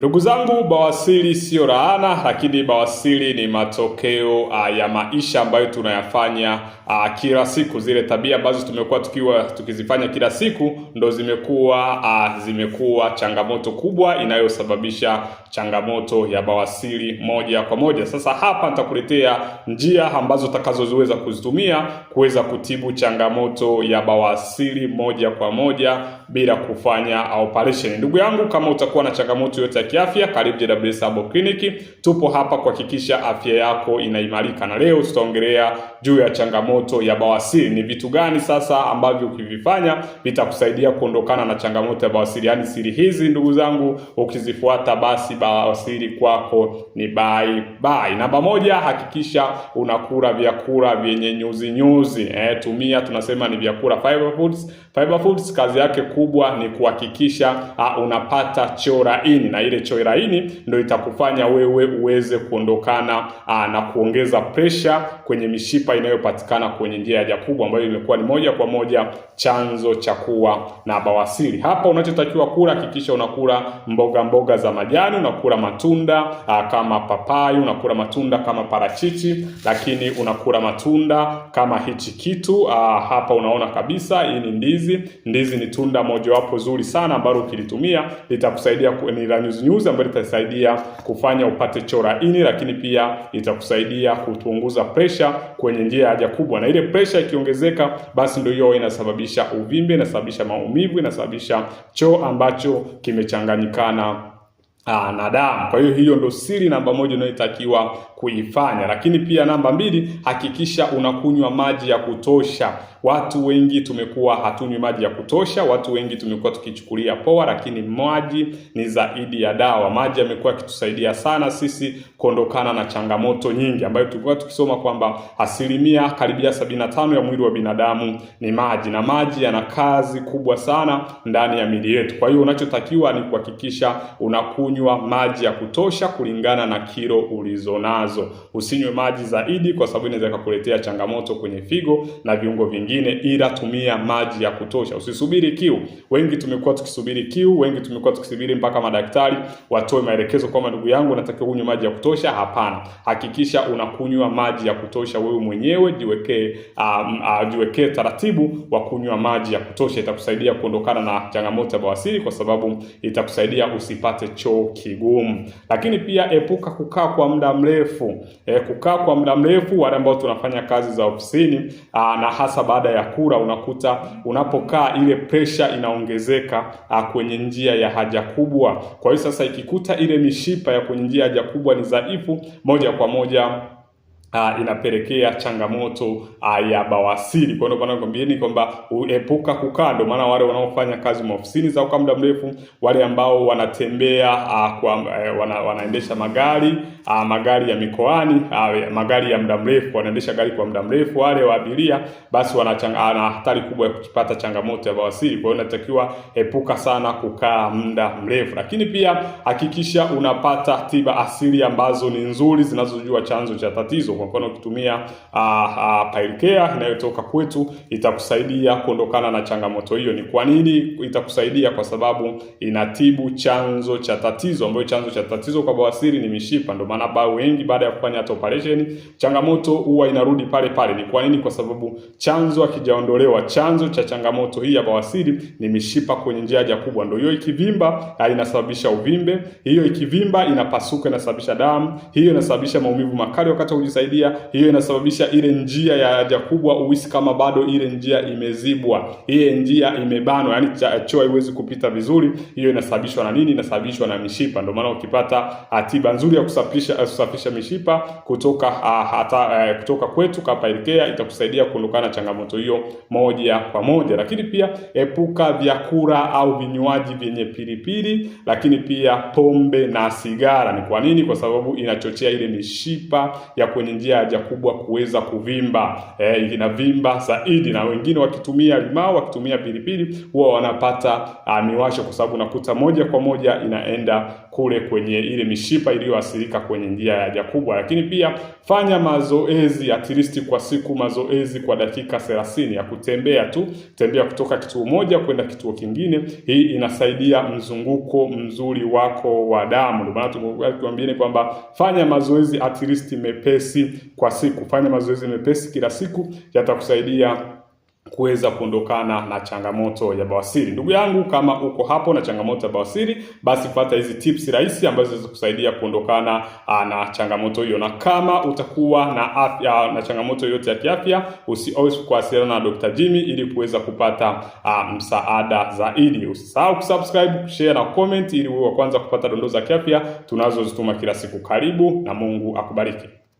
Ndugu zangu, bawasiri siyo laana, lakini bawasiri ni matokeo uh, ya maisha ambayo tunayafanya uh, kila siku. Zile tabia ambazo tumekuwa tukiwa tukizifanya kila siku ndo zimekuwa uh, zimekuwa changamoto kubwa inayosababisha changamoto ya bawasiri moja kwa moja. Sasa hapa nitakuletea njia ambazo utakazoweza kuzitumia kuweza kutibu changamoto ya bawasiri moja kwa moja bila kufanya operation. Ndugu yangu, kama utakuwa na changamoto yoyote ya kiafya, karibu JW Sabo Clinic. Tupo hapa kuhakikisha afya yako inaimarika, na leo tutaongelea juu ya changamoto ya bawasiri. Ni vitu gani sasa ambavyo ukivifanya vitakusaidia kuondokana na changamoto ya bawasiri? Yaani siri hizi ndugu zangu, ukizifuata basi bawasiri kwako ni bye bye. Namba moja, hakikisha unakula vyakula vyenye nyuzi nyuzi. Eh, tumia tunasema ni vyakula fiber foods. Fiber foods kazi yake kubwa ni kuhakikisha uh, unapata choo laini, na ile choo laini ndio itakufanya wewe uweze kuondokana uh, na kuongeza pressure kwenye mishipa inayopatikana kwenye njia ya haja kubwa ambayo imekuwa ni moja kwa moja chanzo cha kuwa na bawasiri. Hapa unachotakiwa kula, hakikisha unakula mboga mboga za majani, unakula matunda aa, ah, kama papai, unakula matunda kama parachichi, lakini unakula matunda kama hichi kitu aa, ah, hapa unaona kabisa hii ni ndizi. Ndizi ni tunda mojawapo zuri sana ambalo ukilitumia litakusaidia ni la nyuzi nyuzi ambayo litasaidia kufanya upate choo laini, lakini pia itakusaidia kupunguza presha kwenye kwenye njia ya haja kubwa, na ile pressure ikiongezeka, basi ndio hiyo inasababisha uvimbe, inasababisha maumivu, inasababisha choo ambacho kimechanganyikana Aa, ah, na damu. Kwa hiyo hiyo ndo siri namba moja unayotakiwa kuifanya, lakini pia namba mbili, hakikisha unakunywa maji ya kutosha. Watu wengi tumekuwa hatunywi maji ya kutosha, watu wengi tumekuwa tukichukulia poa, lakini maji ni zaidi ya dawa. Maji yamekuwa yakitusaidia sana sisi kuondokana na changamoto nyingi ambayo tulikuwa tukisoma kwamba asilimia karibia 75 ya mwili wa binadamu ni maji, na maji yana kazi kubwa sana ndani ya miili yetu. Kwa hiyo unachotakiwa ni kuhakikisha unakunywa kunywa maji ya kutosha kulingana na kilo ulizonazo. Usinywe maji zaidi, kwa sababu inaweza kukuletea changamoto kwenye figo na viungo vingine, ila tumia maji ya kutosha. Usisubiri kiu. Wengi tumekuwa tukisubiri kiu, wengi tumekuwa tukisubiri mpaka madaktari watoe maelekezo kwamba ndugu yangu, natakiwa unywe maji ya kutosha. Hapana, hakikisha unakunywa maji ya kutosha wewe mwenyewe. Jiwekee um, uh, taratibu wa kunywa maji ya kutosha, itakusaidia kuondokana na changamoto ya bawasiri, kwa sababu itakusaidia usipate choo kigumu. Lakini pia epuka kukaa kwa muda mrefu. E, kukaa kwa muda mrefu, wale ambao tunafanya kazi za ofisini na hasa baada ya kura, unakuta unapokaa ile presha inaongezeka a, kwenye njia ya haja kubwa. Kwa hiyo sasa ikikuta ile mishipa ya kwenye njia ya haja kubwa ni dhaifu, moja kwa moja Uh, inapelekea changamoto uh, ya bawasiri. Kwa hiyo nakwambieni kwamba epuka kukaa, ndio maana wale wanaofanya kazi maofisini za kwa muda mrefu, wale ambao wanatembea uh, kwa, uh, wana, wanaendesha magari uh, magari ya mikoani uh, magari ya muda mrefu, wanaendesha gari kwa muda mrefu, wale wa abiria, basi wana hatari kubwa ya kupata changamoto ya bawasiri. Kwa hiyo inatakiwa epuka sana kukaa muda mrefu, lakini pia hakikisha unapata tiba asili ambazo ni nzuri, zinazojua chanzo cha tatizo. Kwa mfano ukitumia ah, ah, Pilecare inayotoka kwetu itakusaidia kuondokana na changamoto hiyo. Ni kwa nini itakusaidia? Kwa sababu inatibu chanzo cha tatizo, ambayo chanzo cha tatizo kwa bawasiri ni mishipa. Ndio maana ba wengi baada ya kufanya hata operation changamoto huwa inarudi pale pale. Ni kwa nini? Kwa sababu chanzo akijaondolewa, Chanzo cha changamoto hii ya bawasiri ni mishipa kwenye njia haja kubwa, ndio hiyo ikivimba ah, inasababisha uvimbe, hiyo ikivimba inapasuka, inasababisha damu, hiyo inasababisha maumivu makali wakati wa kujisaidia inasaidia, Hiyo inasababisha ile njia ya haja kubwa uisi kama bado ile njia imezibwa, ile njia imebanwa, yani choo haiwezi kupita vizuri. Hiyo inasababishwa na nini? Inasababishwa na mishipa. Ndio maana ukipata ah, tiba nzuri ya kusafisha eh, kusafisha mishipa kutoka uh, hata uh, kutoka kwetu ilikea, itakusaidia kuondokana na changamoto hiyo moja kwa moja. Lakini pia epuka vyakula au vinywaji vyenye pilipili, lakini pia pombe na sigara. Ni kwa nini? Kwa sababu inachochea ile mishipa ya kwenye njia haja kubwa kuweza kuvimba eh, inavimba zaidi, na wengine wakitumia limao wakitumia pilipili huwa wanapata uh, miwasho, kwa sababu nakuta moja kwa moja inaenda kule kwenye ile mishipa iliyoathirika kwenye njia ya haja kubwa. Lakini pia fanya mazoezi at least kwa siku, mazoezi kwa dakika 30 ya kutembea tu, tembea kutoka kituo moja kwenda kituo kingine. Hii inasaidia mzunguko mzuri wako wa damu. Ndio maana tunakuambieni kwamba fanya mazoezi at least mepesi kwa siku. Fanya mazoezi mepesi kila siku, yatakusaidia kuweza kuondokana na changamoto ya bawasiri. Ndugu yangu, kama uko hapo na changamoto ya bawasiri, basi fuata hizi tips rahisi ambazo zinaweza kusaidia kuondokana ah, na changamoto hiyo. Na kama utakuwa na afya na changamoto yoyote ya kiafya, usiweze kuwasiliana na Dr. Jimmy ili kuweza kupata uh, msaada zaidi. Usisahau kusubscribe, share na comment ili uwe wa kwanza kupata dondoo za kiafya tunazozituma kila siku. Karibu na Mungu akubariki.